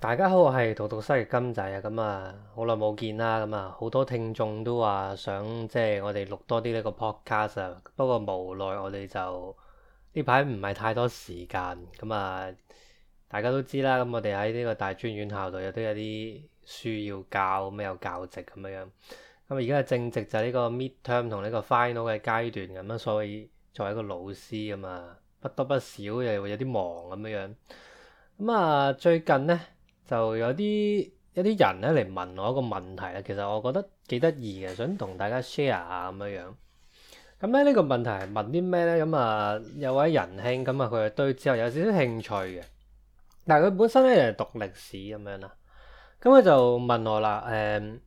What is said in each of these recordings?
大家好，我係荼毒室嘅甘仔啊，咁啊好耐冇見啦，咁啊好多聽眾都話想即係我哋錄多啲呢個 podcast 啊，不過無奈我哋就呢排唔係太多時間，咁、嗯、啊、嗯、大家都知啦，咁、嗯、我哋喺呢個大專院校度亦都有啲書要教，咁、嗯、有教職咁樣，咁而家係正值就呢個 midterm 同呢個 final 嘅階段咁啊、嗯，所以作為一個老師啊嘛、嗯，不多不少又會有啲忙咁樣樣，咁、嗯、啊、嗯嗯、最近咧。就有啲一啲人咧嚟問我一個問題咧，其實我覺得幾得意嘅，想同大家 share 下咁樣樣。咁咧呢、呢個問題係問啲咩咧？咁、嗯、啊有位仁兄咁啊，佢、嗯、對哲學有少少興趣嘅，但係佢本身咧係、就是、讀歷史咁樣啦。咁咧就問我啦，誒、嗯，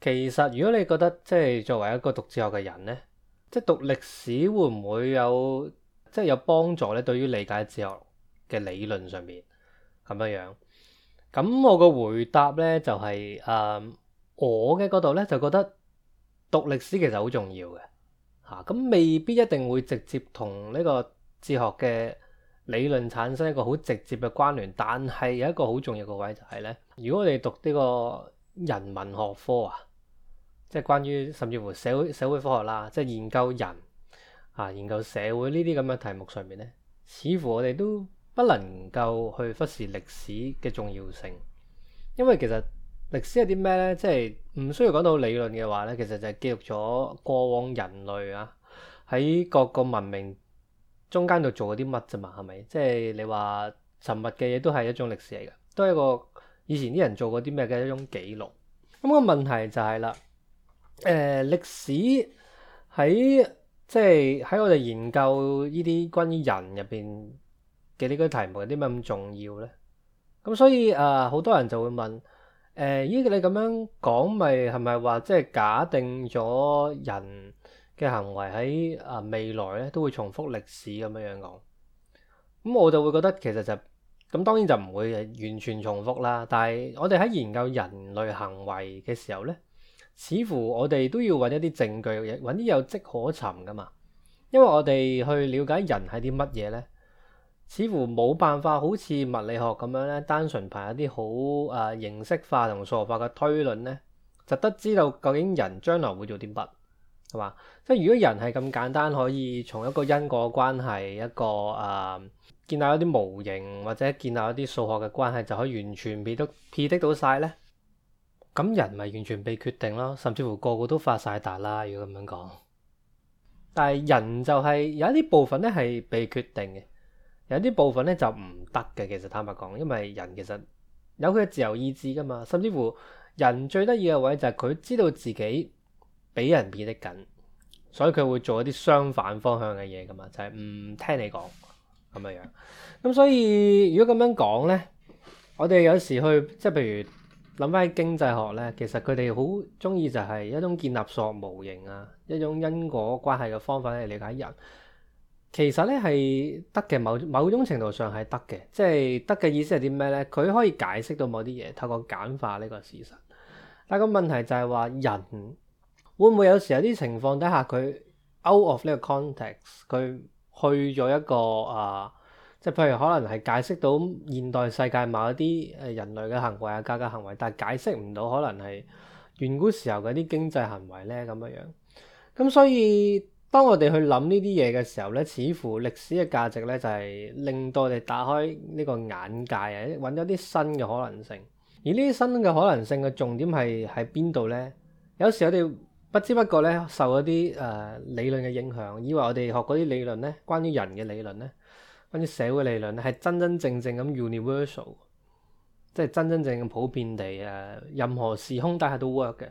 其實如果你覺得即係作為一個讀哲學嘅人咧，即係讀歷史會唔會有即係有幫助咧？對於理解哲學嘅理論上面咁樣樣？咁我個回答咧就係、是、誒、呃，我嘅角度咧就覺得讀歷史其實好重要嘅嚇，咁、啊嗯、未必一定會直接同呢個哲學嘅理論產生一個好直接嘅關聯，但係有一個好重要嘅位就係咧，如果我哋讀呢個人文學科啊，即係關於甚至乎社會社會科學啦，即係研究人啊、研究社會呢啲咁嘅題目上面咧，似乎我哋都，不能夠去忽視歷史嘅重要性，因為其實歷史係啲咩呢？即係唔需要講到理論嘅話呢，其實就係記錄咗過往人類啊，喺各個文明中間度做過啲乜啫嘛？係咪？即係你話尋物嘅嘢都係一種歷史嚟嘅，都係個以前啲人做過啲咩嘅一種記錄。咁個問題就係啦，誒、呃、歷史喺即係喺我哋研究呢啲關於人入邊嘅呢個題目有啲乜咁重要咧？咁所以啊，好多人就會問：誒，依你咁樣講，咪係咪話即係假定咗人嘅行為喺啊未來咧都會重複歷史咁樣講？咁我就會覺得其實就咁，當然就唔會係完全重複啦。但係我哋喺研究人類行為嘅時候咧，似乎我哋都要搵一啲證據，搵啲有跡可尋㗎嘛。因為我哋去了解人係啲乜嘢咧？似乎冇辦法，好似物理學咁樣咧，單純憑一啲好誒形式化同數學化嘅推論咧，就得知道究竟人將來會做啲乜係嘛？即係如果人係咁簡單，可以從一個因果關係一個誒、呃、建立一啲模型或者建立一啲數學嘅關係，就可以完全被得 predict 到晒。咧，咁人咪完全被決定咯？甚至乎個個都發晒達啦，如果咁樣講，但係人就係、是、有一啲部分咧係被決定嘅。有啲部分咧就唔得嘅，其實坦白講，因為人其實有佢嘅自由意志噶嘛，甚至乎人最得意嘅位就係佢知道自己俾人變得緊，所以佢會做一啲相反方向嘅嘢噶嘛，就係、是、唔聽你講咁嘅樣。咁所以如果咁樣講咧，我哋有時去即係譬如諗翻起經濟學咧，其實佢哋好中意就係一種建立數學模型啊，一種因果關係嘅方法嚟理解人。其實咧係得嘅，某某種程度上係得嘅，即係得嘅意思係啲咩咧？佢可以解釋到某啲嘢，透過簡化呢個事實。但係個問題就係話，人會唔會有時有啲情況底下，佢 out of 呢個 context，佢去咗一個啊、呃，即係譬如可能係解釋到現代世界某一啲誒人類嘅行為啊、價格、格行為，但係解釋唔到可能係遠古時候嘅啲經濟行為咧咁樣樣。咁所以。當我哋去諗呢啲嘢嘅時候咧，似乎歷史嘅價值咧就係、是、令到我哋打開呢個眼界啊，揾咗啲新嘅可能性。而呢啲新嘅可能性嘅重點係喺邊度咧？有時我哋不知不覺咧受一啲誒、呃、理論嘅影響，以為我哋學嗰啲理論咧，關於人嘅理論咧，關於社會理論咧，係真真正正咁 universal，即係真真正正普遍地誒、啊，任何時空底下都 work 嘅。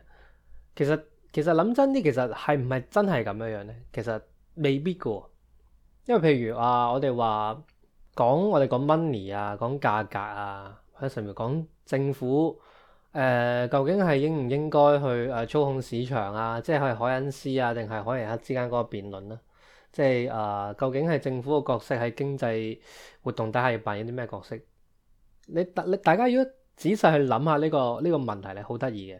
其實～其實諗真啲，其實係唔係真係咁樣樣咧？其實未必噶，因為譬如話、啊、我哋話講我哋講 money 啊，講價格啊，喺上面講政府誒、呃，究竟係應唔應該去誒、呃、操控市場啊？即係海恩斯啊，定係海尼克之間嗰個辯論咧、啊？即係誒、呃，究竟係政府嘅角色喺經濟活動底下要扮演啲咩角色？你大大家如果仔細去諗下呢、呢個呢、呢個問題咧，好得意嘅。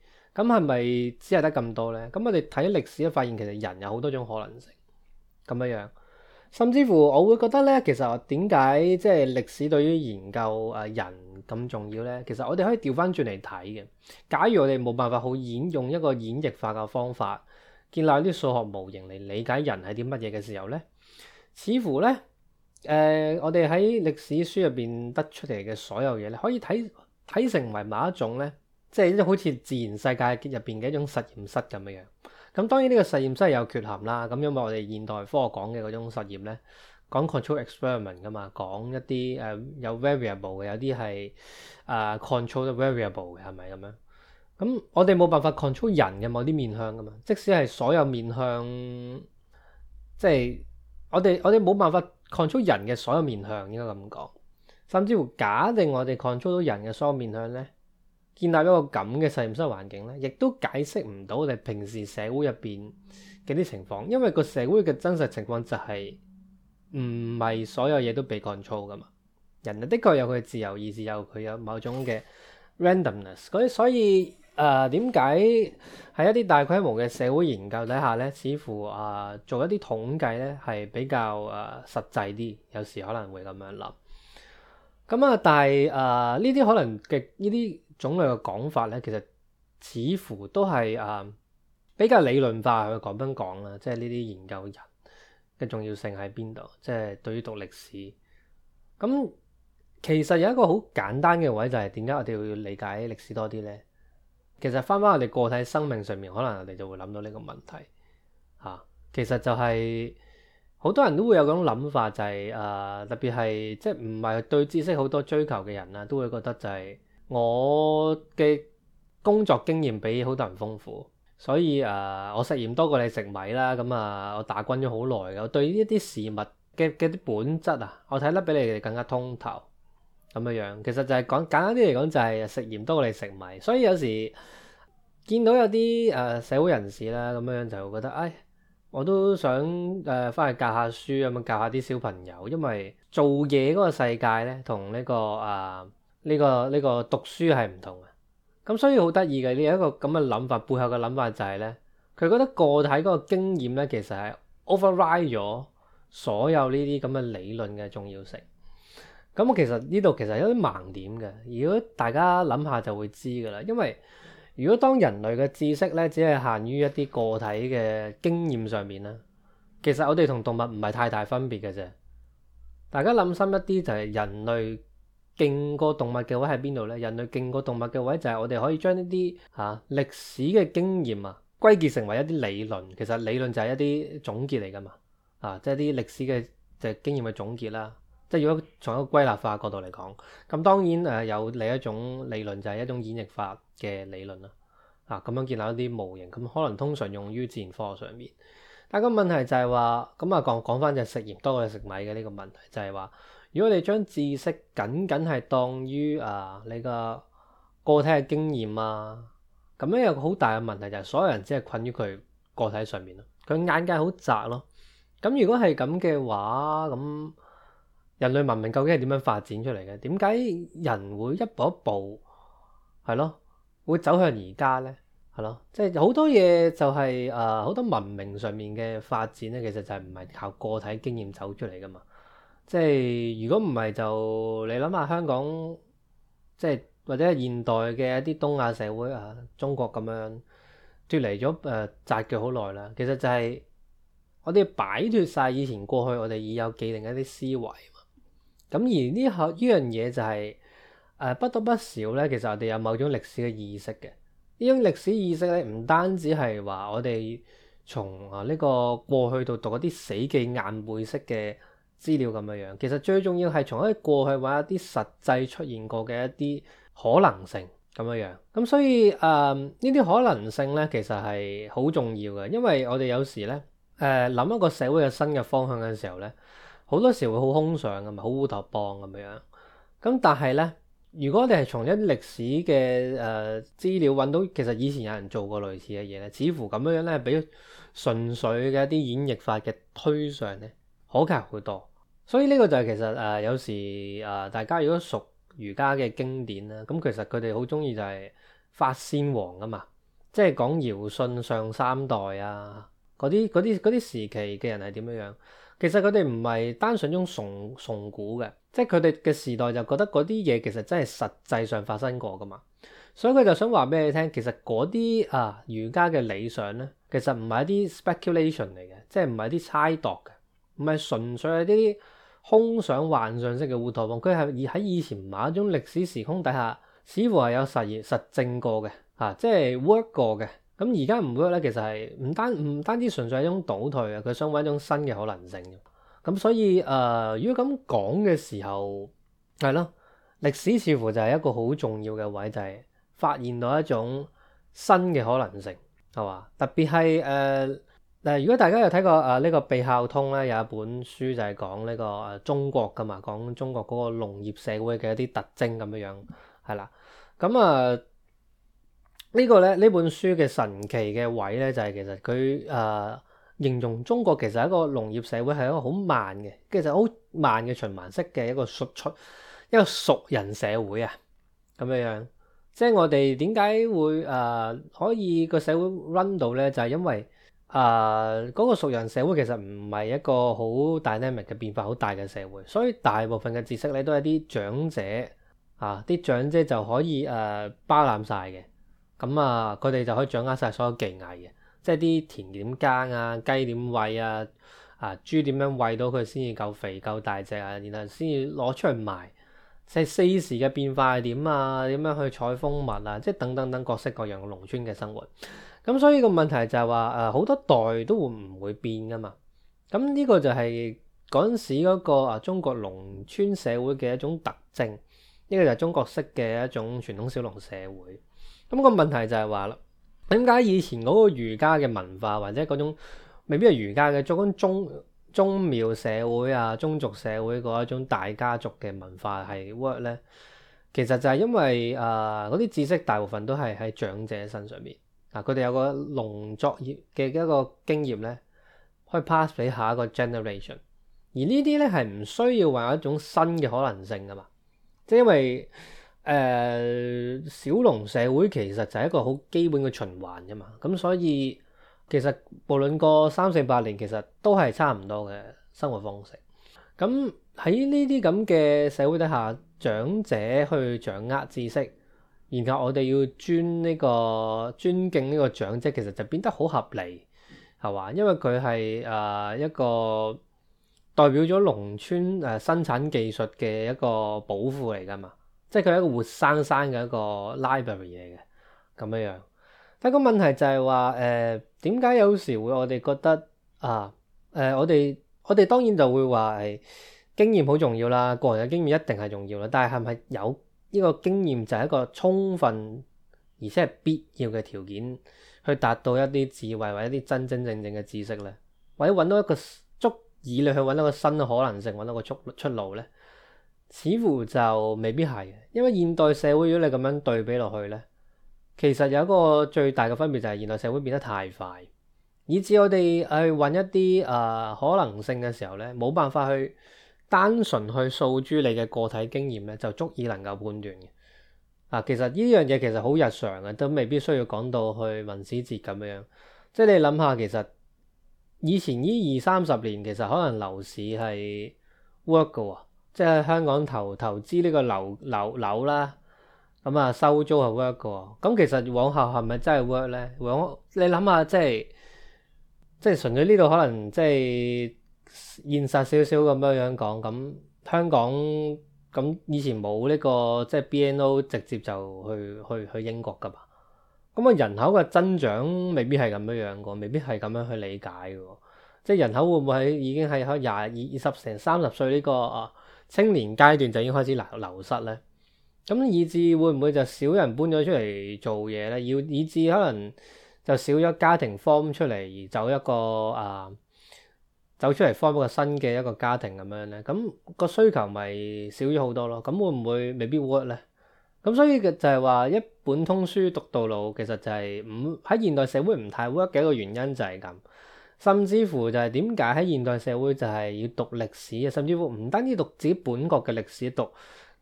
咁係咪只係得咁多咧？咁我哋睇歷史咧，發現其實人有好多種可能性咁樣樣，甚至乎我會覺得咧，其實點解即係歷史對於研究啊、呃、人咁重要咧？其實我哋可以調翻轉嚟睇嘅。假如我哋冇辦法好演用一個演繹化嘅方法建立啲數學模型嚟理解人係啲乜嘢嘅時候咧，似乎咧誒、呃，我哋喺歷史書入邊得出嚟嘅所有嘢咧，可以睇睇成為某一種咧。即係好似自然世界入邊嘅一種實驗室咁樣樣，咁當然呢個實驗室係有缺陷啦。咁因為我哋現代科學講嘅嗰種實驗咧，講 control experiment 噶嘛，講一啲誒有 variable 嘅，有啲係啊 control the variable 嘅，係咪咁樣？咁我哋冇辦法 control 人嘅某啲面向噶嘛。即使係所有面向即，即係我哋我哋冇辦法 control 人嘅所有面向應該咁講。甚至乎假定我哋 control 到人嘅所有面向咧。建立一個咁嘅實驗室環境咧，亦都解釋唔到我哋平時社會入邊嘅啲情況，因為個社會嘅真實情況就係唔係所有嘢都被幹燥噶嘛。人哋的確有佢嘅自由意志，有佢有某種嘅 randomness。所以所以點解喺一啲大規模嘅社會研究底下咧，似乎啊、呃、做一啲統計咧係比較誒、呃、實際啲。有時可能會咁樣諗咁啊，但係誒呢啲可能極呢啲。種類嘅講法咧，其實似乎都係誒、呃、比較理論化去講、講，唔講啦。即係呢啲研究人嘅重要性喺邊度？即係對於讀歷史咁、嗯，其實有一個好簡單嘅位就係點解我哋要理解歷史多啲咧？其實翻翻我哋個體生命上面，可能我哋就會諗到呢個問題嚇、啊。其實就係、是、好多人都會有嗰種諗法，就係、是、誒、呃、特別係即係唔係對知識好多追求嘅人啊，都會覺得就係、是，我嘅工作經驗比好多人豐富，所以誒、呃，我食鹽多過你食米啦。咁啊，我打滾咗好耐，我對呢啲事物嘅嘅啲本質啊，我睇得比你哋更加通透咁樣樣。其實就係講簡單啲嚟講，就係食鹽多過你食米。所以有時見到有啲誒、呃、社會人士咧，咁樣就會覺得，哎，我都想誒返、呃、去教下書，咁樣教下啲小朋友，因為做嘢嗰個世界咧，同呢、呢個誒。呃呢個呢個讀書係唔同嘅，咁所以好得意嘅，你有一個咁嘅諗法，背後嘅諗法就係咧，佢覺得個體嗰個經驗咧，其實係 override 咗所有呢啲咁嘅理論嘅重要性。咁其實呢度其實有啲盲點嘅，如果大家諗下就會知噶啦。因為如果當人類嘅知識咧，只係限於一啲個體嘅經驗上面啦，其實我哋同動物唔係太大分別嘅啫。大家諗深一啲就係人類。勁過動物嘅位喺邊度咧？人類勁過動物嘅位就係我哋可以將呢啲吓歷史嘅經驗啊，歸、啊、結成為一啲理論。其實理論就係一啲總結嚟㗎嘛。啊，即係啲歷史嘅就係、經驗嘅總結啦。即係如果從一個歸納法角度嚟講，咁當然誒、啊、有另一種理論就係一種演繹法嘅理論啦。啊，咁樣建立一啲模型，咁可能通常用於自然科學上面。但問個問題就係話，咁啊講講返就食鹽多過食米嘅呢個問題，就係話。如果你將知識僅僅係當於啊你個個體嘅經驗啊，咁樣有個好大嘅問題就係所有人只係困於佢個體上面咯，佢眼界好窄咯。咁如果係咁嘅話，咁人類文明究竟係點樣發展出嚟嘅？點解人會一步一步係咯，會走向而家咧？係咯，即係好多嘢就係啊好多文明上面嘅發展咧，其實就係唔係靠個體經驗走出嚟噶嘛？即係如果唔係就你諗下香港，即係或者係現代嘅一啲東亞社會啊，中國咁樣脫離咗誒紮腳好耐啦。其實就係我哋擺脫晒以前過去我哋已有既定嘅一啲思維嘛。咁而呢個呢樣嘢就係誒不多不少咧，其實我哋有某種歷史嘅意識嘅。呢種歷史意識咧，唔單止係話我哋從啊呢個過去度讀一啲死記硬背式嘅。資料咁樣樣，其實最重要係從一過去揾一啲實際出現過嘅一啲可能性咁樣樣。咁所以誒呢啲可能性咧，其實係好重要嘅，因為我哋有時咧誒諗一個社會嘅新嘅方向嘅時候咧，好多時候會好空想嘅嘛，好烏托邦咁樣樣。咁但係咧，如果我哋係從一啲歷史嘅誒資料揾到，其實以前有人做過類似嘅嘢咧，似乎咁樣樣咧比純粹嘅一啲演繹法嘅推上咧可靠好多。所以呢個就係其實誒、呃、有時誒、呃、大家如果熟儒家嘅經典咧，咁其實佢哋好中意就係法先王啊嘛，即係講堯舜上三代啊嗰啲嗰啲啲時期嘅人係點樣樣。其實佢哋唔係單純種崇崇古嘅，即係佢哋嘅時代就覺得嗰啲嘢，其實真係實際上發生過噶嘛。所以佢就想話俾你聽，其實嗰啲啊儒家嘅理想咧，其實唔係一啲 speculation 嚟嘅，即係唔係啲猜度嘅。唔係純粹係啲空想幻想式嘅烏托邦，佢係以喺以前某一種歷史時空底下，似乎係有實驗、實證過嘅，嚇、啊，即係 work 過嘅。咁而家唔 work 咧，其實係唔單唔單止純粹係一種倒退啊！佢想揾一種新嘅可能性。咁、啊、所以誒、呃，如果咁講嘅時候，係咯，歷史似乎就係一個好重要嘅位，就係、是、發現到一種新嘅可能性，係嘛？特別係誒。呃嗱，如果大家有睇過誒、呃這個、呢個《費孝通》咧，有一本書就係講呢個誒、呃、中國噶嘛，講中國嗰個農業社會嘅一啲特徵咁樣樣，係啦，咁、嗯、啊、嗯這個、呢個咧呢本書嘅神奇嘅位咧，就係、是、其實佢誒、呃、形容中國其實一個農業社會係一個好慢嘅，其實好慢嘅循環式嘅一個熟出一個熟人社會啊，咁樣樣，即係我哋點解會誒、呃、可以個社會 run 到咧，就係、是、因為。啊，嗰、呃那個熟人社會其實唔係一個好 dynamic 嘅變化，好大嘅社會，所以大部分嘅知識咧都係啲長者啊，啲長者就可以誒、呃、包攬晒嘅，咁啊佢哋就可以掌握晒所有技藝嘅，即係啲田點耕啊，雞點餵啊，啊豬點樣餵到佢先至夠肥夠大隻啊，然後先至攞出去賣，即、就、係、是、四時嘅變化係點啊，點樣去採蜂蜜啊，即係等等等各式各樣農村嘅生活。咁所以個問題就係話，誒、呃、好多代都會唔會變噶嘛？咁、嗯、呢、這個就係嗰陣時嗰、那個啊中國農村社會嘅一種特徵，呢、這個就係中國式嘅一種傳統小農社會。咁、嗯這個問題就係話，啦，點解以前嗰個儒家嘅文化或者嗰種未必係儒家嘅，做嗰種宗宗廟社會啊、宗族社會嗰一種大家族嘅文化係 work 咧？其實就係因為誒啲、呃、知識大部分都係喺長者身上面。嗱，佢哋有個農作業嘅一個經驗咧，可以 pass 俾下一個 generation。而呢啲咧係唔需要話有一種新嘅可能性噶嘛，即係因為誒、呃、小農社會其實就係一個好基本嘅循環噶嘛。咁所以其實無論過三四百年，其實都係差唔多嘅生活方式。咁喺呢啲咁嘅社會底下，長者去掌握知識。然後我哋要尊呢個尊敬呢個長者，其實就變得好合理，係嘛？因為佢係誒一個代表咗農村誒、呃、生產技術嘅一個寶庫嚟㗎嘛，即係佢係一個活生生嘅一個 library 嚟嘅，咁樣樣。但係個問題就係話誒，點解有時會我哋覺得啊誒、呃，我哋我哋當然就會話係經驗好重要啦，個人嘅經驗一定係重要啦，但係係咪有？呢個經驗就係一個充分而且係必要嘅條件，去達到一啲智慧或者一啲真真正正嘅知識咧，或者揾到一個足以你去揾到個新嘅可能性、揾到個出出路咧，似乎就未必係，因為現代社會如果你咁樣對比落去咧，其實有一個最大嘅分別就係現代社會變得太快，以至我哋去揾一啲啊、呃、可能性嘅時候咧，冇辦法去。單純去訴諸你嘅個體經驗咧，就足以能夠判斷嘅。嗱、啊，其實呢樣嘢其實好日常嘅，都未必需要講到去文史哲咁樣。即係你諗下，其實以前呢二三十年其實可能樓市係 work 嘅喎、啊，即係香港投投資呢個樓樓樓啦，咁啊收租係 work 嘅喎。咁、啊、其實往後係咪真係 work 咧？往你諗下，即係即係純粹呢度可能即係。現實少少咁樣樣講，咁香港咁以前冇呢個即係 BNO 直接就去去去英國㗎嘛？咁啊人口嘅增長未必係咁樣樣㗎，未必係咁樣去理解㗎。即係人口會唔會喺已經喺喺廿二二十成三十歲呢個啊青年階段就已經開始流流失咧？咁以致會唔會就少人搬咗出嚟做嘢咧？要以致可能就少咗家庭 form 出嚟而走一個啊～走出嚟 form 一個新嘅一個家庭咁樣咧，咁個需求咪少咗好多咯。咁會唔會未必 work 咧？咁所以就係話一本通書讀到老，其實就係唔喺現代社會唔太 work 嘅一個原因就係咁。甚至乎就係點解喺現代社會就係要讀歷史啊，甚至乎唔單止讀自己本國嘅歷史，讀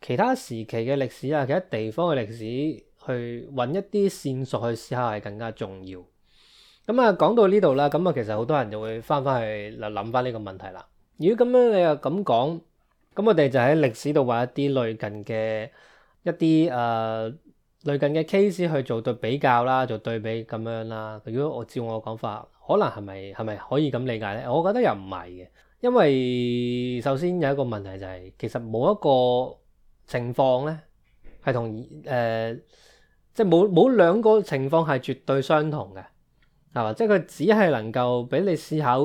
其他時期嘅歷史啊，其他地方嘅歷史去揾一啲線索去思考係更加重要。咁啊，講到呢度啦，咁啊，其實好多人就會翻翻去諗翻呢個問題啦。如果咁樣你又咁講，咁我哋就喺歷史度話一啲類近嘅一啲誒、呃、類近嘅 case 去做對比較啦，做對比咁樣啦。如果我照我講法，可能係咪係咪可以咁理解咧？我覺得又唔係嘅，因為首先有一個問題就係、是、其實冇一個情況咧係同誒，即係冇冇兩個情況係絕對相同嘅。係嘛，即係佢只係能夠俾你思考，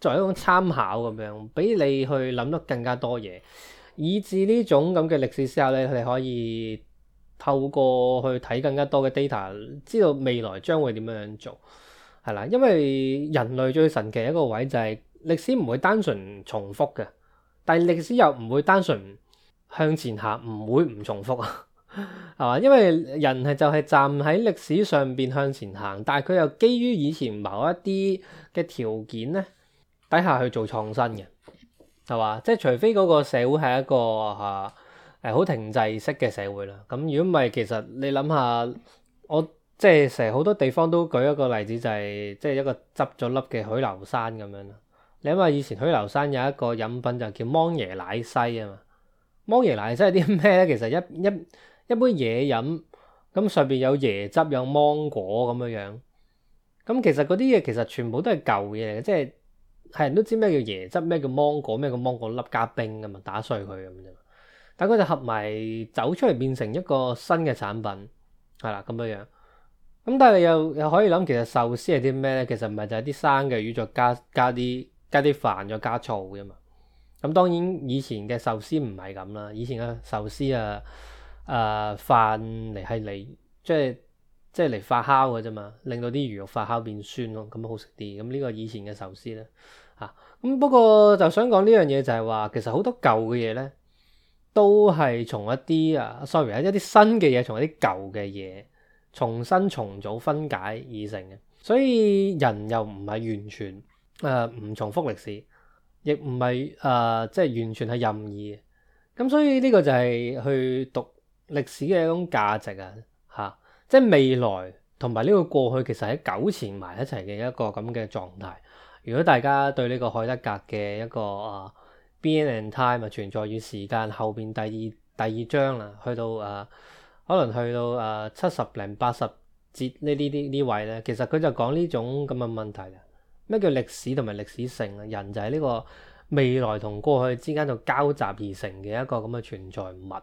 作為一種參考咁樣，俾你去諗得更加多嘢，以致呢種咁嘅歷史思考咧，你可以透過去睇更加多嘅 data，知道未來將會點樣樣做，係啦，因為人類最神奇一個位就係歷史唔會單純重複嘅，但係歷史又唔會單純向前行，唔會唔重複啊。係嘛？因為人係就係站喺歷史上邊向前行，但係佢又基於以前某一啲嘅條件咧，底下去做創新嘅，係嘛？即係除非嗰個社會係一個吓，誒、啊、好、呃、停滯式嘅社會啦。咁如果唔係，其實你諗下，我即係成日好多地方都舉一個例子，就係即係一個執咗笠嘅許留山咁樣啦。你諗下，以前許留山有一個飲品就叫芒椰奶西啊嘛。芒椰奶西係啲咩咧？其實一一。一杯嘢飲咁上邊有椰汁有芒果咁樣樣咁，其實嗰啲嘢其實全部都係舊嘢嚟嘅，即係係人都知咩叫椰汁咩叫芒果咩叫芒果粒加冰㗎嘛，打碎佢咁啫。但佢就合埋走出嚟變成一個新嘅產品係啦，咁樣樣咁。但係你又又可以諗，其實壽司係啲咩咧？其實唔係就係啲生嘅魚再加加啲加啲飯再加醋㗎嘛。咁當然以前嘅壽司唔係咁啦，以前嘅壽司啊。誒、呃、飯嚟係嚟即係即係嚟發酵嘅啫嘛，令到啲魚肉發酵變酸咯，咁好食啲。咁、嗯、呢、這個以前嘅壽司咧嚇，咁、啊、不過就想講呢樣嘢就係話，其實好多舊嘅嘢咧，都係從一啲啊，sorry，一啲新嘅嘢從一啲舊嘅嘢重新重組分解而成嘅。所以人又唔係完全誒唔、呃、重複歷史，亦唔係誒即係完全係任意嘅。咁所以呢個就係去讀。歷史嘅一種價值啊，嚇！即係未來同埋呢個過去其實係糾纏埋一齊嘅一個咁嘅狀態。如果大家對呢個海德格嘅一個啊《Being and Time》咪存在與時間後邊第二第二章啦，去到啊可能去到啊七十零八十節位呢呢啲呢位咧，其實佢就講呢種咁嘅問題啦。咩叫歷史同埋歷史性啊？人就係呢個未來同過去之間就交集而成嘅一個咁嘅存在物。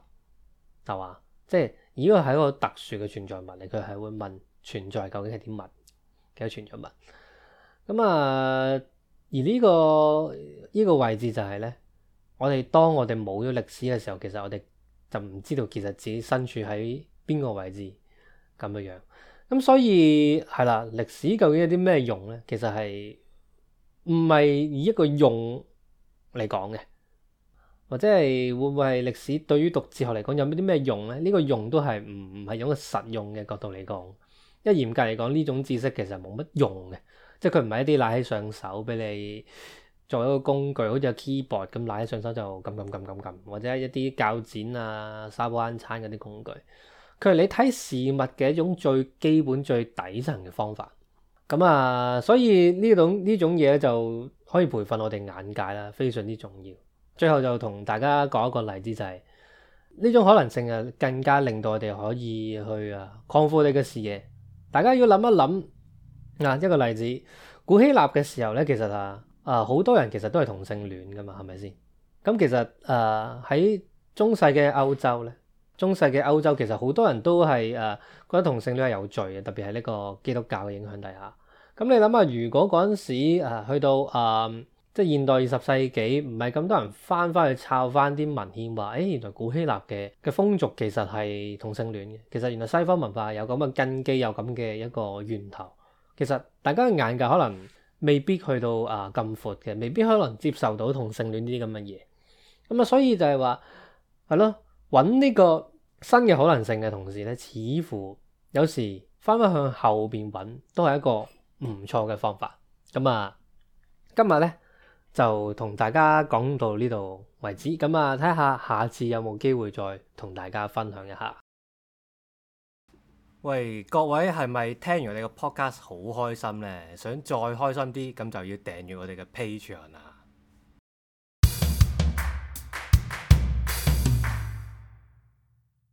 就話，即係，如果係一個特殊嘅存在物嚟，佢係會問存在究竟係啲乜，幾多存在物？咁、嗯、啊，而呢、這個呢、這個位置就係、是、咧，我哋當我哋冇咗歷史嘅時候，其實我哋就唔知道，其實自己身處喺邊個位置咁嘅樣，樣。咁、嗯、所以係啦，歷史究竟有啲咩用咧？其實係唔係以一個用嚟講嘅。或者係會唔會係歷史對於讀哲學嚟講有啲咩用咧？呢個用都係唔唔係用個實用嘅角度嚟講，因為嚴格嚟講呢種知識其實冇乜用嘅，即係佢唔係一啲攞起上手俾你作為一個工具，好似個 keyboard 咁攞起上手就撳撳撳撳撳，或者一啲鉸剪啊、沙煲罌罉嗰啲工具，佢係你睇事物嘅一種最基本、最底層嘅方法。咁啊，所以呢種呢種嘢就可以培訓我哋眼界啦，非常之重要。最後就同大家講一個例子，就係、是、呢種可能性啊，更加令到我哋可以去啊擴闊你嘅視野。大家要諗一諗啊，一個例子，古希臘嘅時候咧，其實啊啊好、呃、多人其實都係同性戀噶嘛，係咪先？咁、嗯、其實啊喺、呃、中世嘅歐洲咧，中世嘅歐洲其實好多人都係誒、呃、覺得同性戀係有罪嘅，特別係呢個基督教嘅影響底下。咁你諗下，想想如果嗰陣時、呃、去到啊？呃即係現代二十世紀，唔係咁多人翻翻去抄翻啲文獻，話、哎、誒原來古希臘嘅嘅風俗其實係同性戀嘅。其實原來西方文化有咁嘅根基，有咁嘅一個源頭。其實大家嘅眼界可能未必去到啊咁、呃、闊嘅，未必可能接受到同性戀呢啲咁嘅嘢。咁、嗯、啊，所以就係話係咯，揾呢個新嘅可能性嘅同時咧，似乎有時翻翻向後邊揾都係一個唔錯嘅方法。咁、嗯、啊，今日咧。就同大家講到呢度為止，咁啊睇下下次有冇機會再同大家分享一下。喂，各位係咪聽完你哋個 podcast 好開心呢？想再開心啲，咁就要訂閱我哋嘅 Patreon 啦。